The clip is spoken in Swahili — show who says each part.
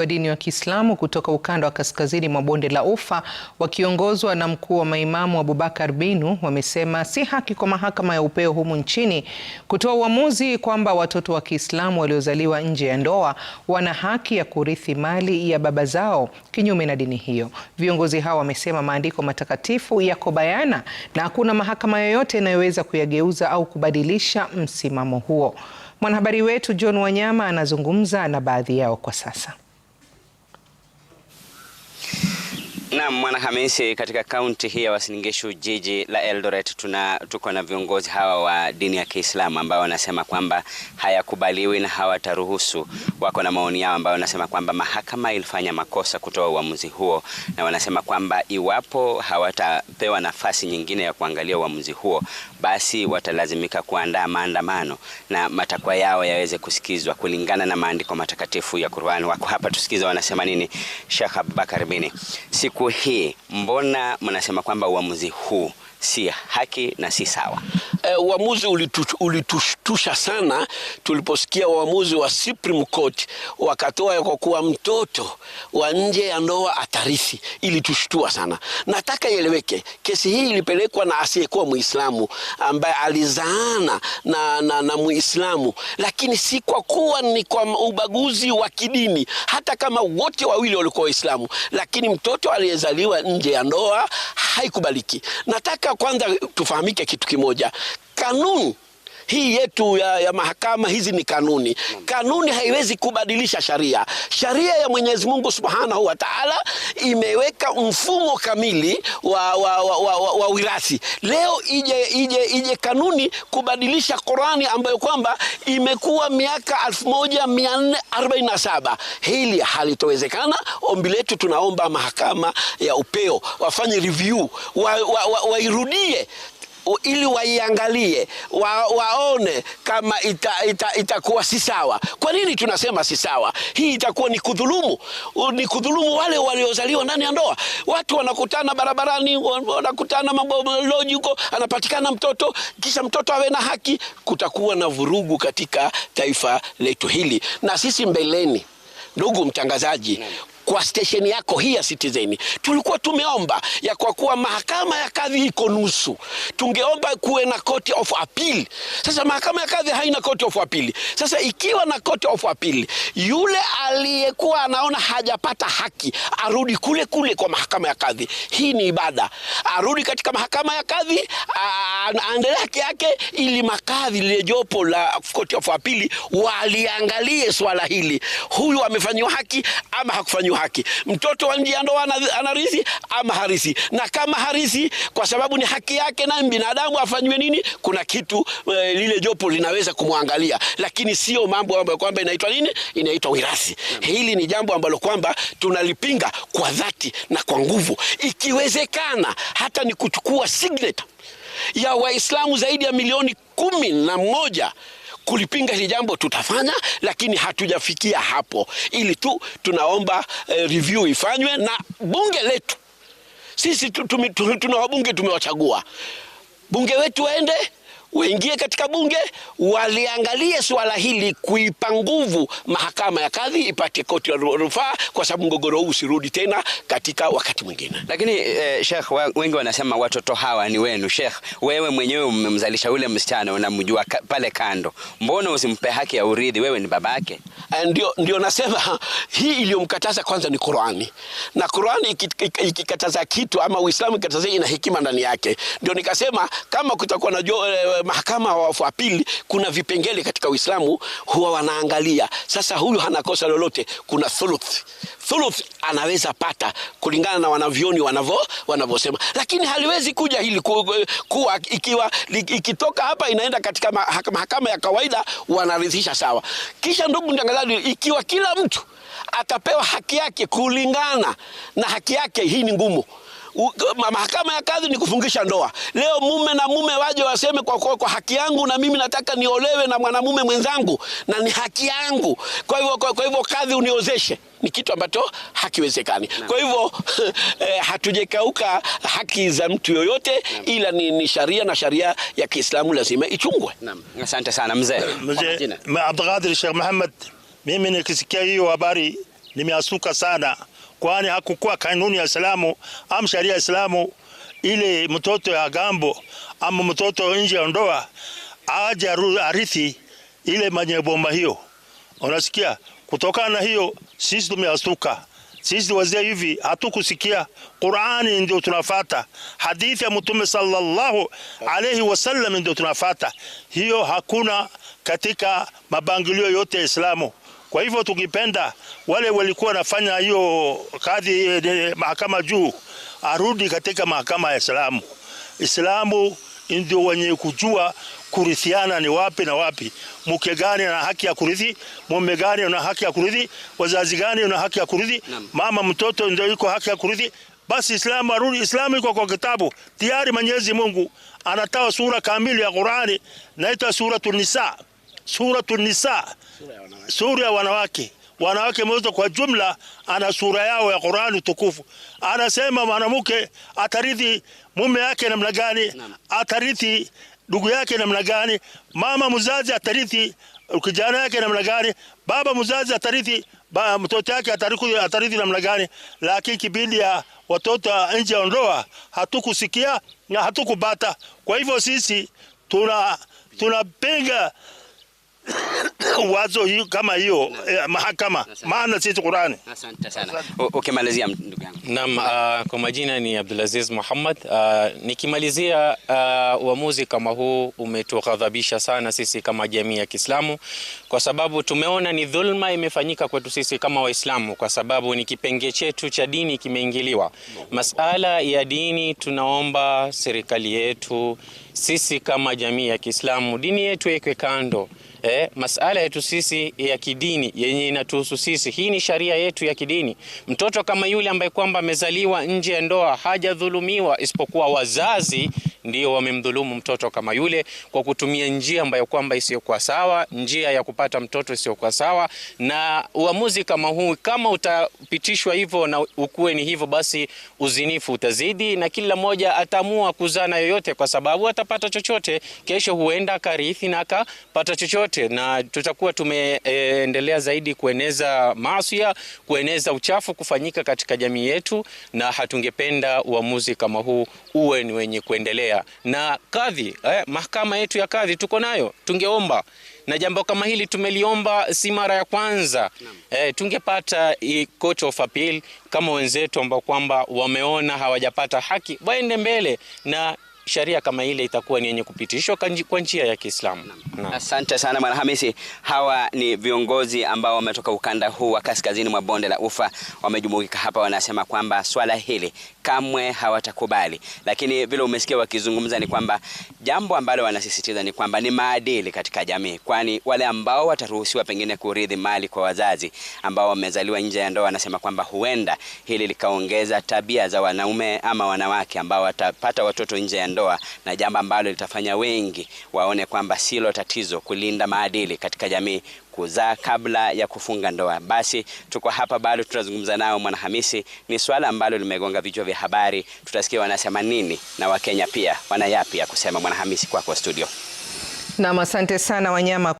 Speaker 1: wa dini wa Kiislamu kutoka ukanda wa kaskazini mwa bonde la Ufa wakiongozwa na mkuu wa maimamu Abubakar Binu wamesema si haki kwa mahakama ya upeo humu nchini kutoa uamuzi kwamba watoto wa Kiislamu waliozaliwa nje ya ndoa wana haki ya kurithi mali ya baba zao kinyume na dini hiyo. Viongozi hao wamesema maandiko matakatifu yako bayana na hakuna mahakama yoyote inayoweza kuyageuza au kubadilisha msimamo huo. Mwanahabari wetu John Wanyama anazungumza na baadhi yao kwa sasa.
Speaker 2: Naam, Mwanahamisi, katika kaunti hii ya Uasin Gishu, jiji la Eldoret, tuna tuko na viongozi hawa wa dini ya Kiislamu ambao wanasema kwamba hayakubaliwi na hawataruhusu. Wako na maoni yao ambayo wanasema kwamba mahakama ilifanya makosa kutoa uamuzi huo, na wanasema kwamba iwapo hawatapewa nafasi nyingine ya kuangalia uamuzi huo, basi watalazimika kuandaa maandamano na matakwa yao yaweze kusikizwa kulingana na maandiko matakatifu ya Qur'an. Wako hapa tusikiza wanasema nini. Sheikh Abubakar Bini Siku siku hii mbona mnasema kwamba uamuzi huu si haki na si sawa?
Speaker 3: E, uamuzi ulitush, ulitushtusha sana tuliposikia uamuzi wa Supreme Court wakatoa kwa kuwa mtoto wa nje ya ndoa atarithi. Ilitushtua sana. Nataka ieleweke, kesi hii ilipelekwa na asiyekuwa Muislamu ambaye alizaana na, na, na Muislamu, lakini si kwa kuwa ni kwa ubaguzi wa kidini, hata kama wote wawili walikuwa Waislamu, lakini mtoto ali aliyezaliwa nje ya ndoa haikubaliki. Nataka kwanza tufahamike kitu kimoja, kanuni hii yetu ya, ya mahakama hizi ni kanuni. Kanuni haiwezi kubadilisha sharia. Sharia ya Mwenyezi Mungu Subhanahu wa Ta'ala imeweka mfumo kamili wa, wa, wa, wa, wa, wa wirasi. Leo ije, ije, ije kanuni kubadilisha Qurani ambayo kwamba imekuwa miaka 1447 hili halitowezekana. Ombi letu tunaomba mahakama ya upeo wafanye review wairudie wa, wa, wa ili waiangalie wa, waone kama itakuwa ita, ita si sawa. Kwa nini tunasema si sawa? Hii itakuwa ni kudhulumu, ni kudhulumu wale waliozaliwa ndani ya ndoa. Watu wanakutana barabarani, wanakutana mambo loji huko, anapatikana mtoto, kisha mtoto awe na haki. Kutakuwa na vurugu katika taifa letu hili, na sisi mbeleni Ndugu mtangazaji, kwa station yako hii ya Citizen. Tulikuwa tumeomba ya kwa kuwa mahakama ya kadhi iko nusu, tungeomba kuwe na court of appeal. Sasa mahakama ya kadhi haina court of appeal. Sasa ikiwa na court of appeal, yule aliyekuwa anaona hajapata haki arudi kule kule kwa mahakama ya kadhi. Hii ni ibada, arudi katika mahakama ya kadhi aendelee haki yake, ili makadhi lile jopo la court of appeal waliangalie swala hili, huyu amefanyiwa haki ama hakufanywa haki. Mtoto wa nje ya ndoa anarithi ama harithi? Na kama harithi, kwa sababu ni haki yake, na binadamu afanywe nini? Kuna kitu e, lile jopo linaweza kumwangalia, lakini sio mambo ambayo kwamba inaitwa nini, inaitwa wirathi. Hmm. Hili ni jambo ambalo kwamba tunalipinga kwa dhati na kwa nguvu, ikiwezekana hata ni kuchukua signet ya Waislamu zaidi ya milioni kumi na moja kulipinga hili jambo tutafanya, lakini hatujafikia hapo, ili tu tunaomba eh, review ifanywe na bunge letu. Sisi tuna wabunge tumewachagua, bunge wetu waende waingie katika bunge waliangalie suala hili, kuipa nguvu mahakama ya kadhi, ipate koti la rufaa, kwa sababu mgogoro huu usirudi tena katika wakati mwingine.
Speaker 2: Lakini eh, Sheikh, wengi wanasema watoto hawa ni wenu. Sheikh, wewe mwenyewe umemzalisha yule msichana, unamjua pale kando, mbona usimpe haki ya urithi? Wewe ni babake.
Speaker 3: Eh, ndio, ndio nasema hii iliyomkataza kwanza ni Qur'ani, na Qur'ani ikikataza kitu ama Uislamu ikikataza, ina hikima ndani yake. Ndio nikasema kama kutakuwa na eh, Eh, mahakama wa pili, kuna vipengele katika Uislamu huwa wanaangalia sasa, huyu hana kosa lolote. Kuna thuluth, thuluth anaweza pata kulingana na wanavyoni wanavyo wanavyosema, lakini haliwezi kuja hili ku, kuwa ikiwa ikitoka hapa inaenda katika mahakama ya kawaida, wanaridhisha sawa. Kisha ndugu mtangazaji, ikiwa kila mtu atapewa haki yake kulingana na haki yake, hii ni ngumu mahakama ya kadhi ni kufungisha ndoa. Leo mume na mume waje waseme kwa, kwa, kwa haki yangu na mimi nataka niolewe na mwanamume mwenzangu na ni haki yangu, kwa hivyo, kwa, kwa hivyo kadhi uniozeshe ni kitu ambacho hakiwezekani. Kwa hivyo eh, hatujekauka haki za mtu yoyote na, ila ni, ni sharia na sharia ya Kiislamu lazima ichungwe. Naam,
Speaker 2: asante sana mzee. Eh,
Speaker 4: mzee Abdulqadir Sheikh Muhammad, mimi nikisikia hiyo habari nimeasuka sana kwani hakukuwa kanuni ya Islamu au sharia ya Islamu ile mtoto ya gambo ama mtoto nje ya ndoa aje arithi ile manye bomba hiyo. Unasikia, kutokana na hiyo sisi tumeastuka. Sisi wazee hivi hatukusikia. Qur'ani ndio tunafata, hadithi ya Mtume sallallahu alayhi wasallam ndio tunafata. Hiyo hakuna katika mabangilio yote ya Islamu. Kwa hivyo tukipenda wale walikuwa wanafanya hiyo kadhi eh, mahakama juu arudi katika mahakama ya Islamu. Islamu ndio wenye kujua kurithiana ni wapi na wapi, mke gani ana haki ya kurithi, mume gani ana haki ya kurithi, wazazi gani ana haki ya kurithi, mama mtoto ndio iko haki ya kurithi. Basi Islamu arudi, Islamu iko kwa kitabu tayari. Mwenyezi Mungu anatoa sura kamili ya Qur'ani, naita suratul Nisa suratu nisa, sura ya wanawake. Wanawake mmoja kwa jumla ana sura yao ya Qur'ani tukufu. Anasema mwanamke atarithi mume yake namna gani, atarithi ndugu yake namna gani, mama mzazi atarithi kijana yake namna gani, baba mzazi atarithi ba mtoto yake atarithi namna gani. Lakini kibidi ya watoto nje ya ndoa hatukusikia na hatukubata Kwa hivyo sisi tuna tunapinga wazo hiyo kama hiyo eh, mahakama maana sisi Qurani. Asante
Speaker 2: sana. Ukimalizia ndugu
Speaker 5: yangu. Naam, uh, kwa majina ni Abdulaziz Muhammad. Uh, nikimalizia ah, uamuzi kama huu umetughadhabisha sana sisi kama jamii ya Kiislamu kwa sababu tumeona ni dhulma imefanyika kwetu sisi kama Waislamu kwa sababu ni kipenge chetu cha dini kimeingiliwa. Masala ya dini, tunaomba serikali yetu sisi kama jamii ya Kiislamu dini yetu iwekwe kando eh, masala yetu sisi ya kidini yenye inatuhusu sisi, hii ni sharia yetu ya kidini. Mtoto kama yule ambaye kwamba amezaliwa nje ya ndoa hajadhulumiwa, isipokuwa wazazi ndio wamemdhulumu mtoto kama yule kwa kutumia njia ambayo kwamba isiyokuwa sawa, njia ya kupata mtoto isiyokuwa sawa. Na uamuzi kama huu, kama utapitishwa hivyo na ukuwe ni hivyo, basi uzinifu utazidi na kila mmoja ataamua kuzana yoyote, kwa sababu atapata chochote kesho, huenda akarithi na akapata chochote, na tutakuwa tumeendelea e, zaidi kueneza maasiya, kueneza uchafu kufanyika katika jamii yetu, na hatungependa uamuzi kama huu uwe ni wenye kuendelea kuendelea na kadhi eh, mahakama yetu ya kadhi tuko nayo, tungeomba na jambo kama hili tumeliomba si mara ya kwanza eh, tungepata court of appeal kama wenzetu ambao kwamba wameona hawajapata haki waende mbele na sheria kama ile itakuwa ni yenye kupitishwa kwa njia ya Kiislamu.
Speaker 2: Asante sana Bwana Hamisi. Hawa ni viongozi ambao wametoka ukanda huu wa kaskazini mwa bonde la Ufa, wamejumuika hapa, wanasema kwamba swala hili kamwe hawatakubali, lakini vile umesikia wakizungumza ni kwamba jambo ambalo wanasisitiza ni kwamba ni maadili katika jamii, kwani wale ambao wataruhusiwa pengine kurithi mali kwa wazazi ambao wamezaliwa nje ya ndoa, wanasema kwamba huenda hili likaongeza tabia za wanaume ama wanawake ambao watapata watoto nje ya ndoa ndoa, na jambo ambalo litafanya wengi waone kwamba silo tatizo kulinda maadili katika jamii kuzaa kabla ya kufunga ndoa. Basi tuko hapa bado tutazungumza nao Mwanahamisi. Ni swala ambalo limegonga vichwa vya habari, tutasikia wanasema nini na Wakenya pia wanayapi ya kusema. Mwanahamisi, kwako studio.
Speaker 1: Nam, asante sana Wanyama.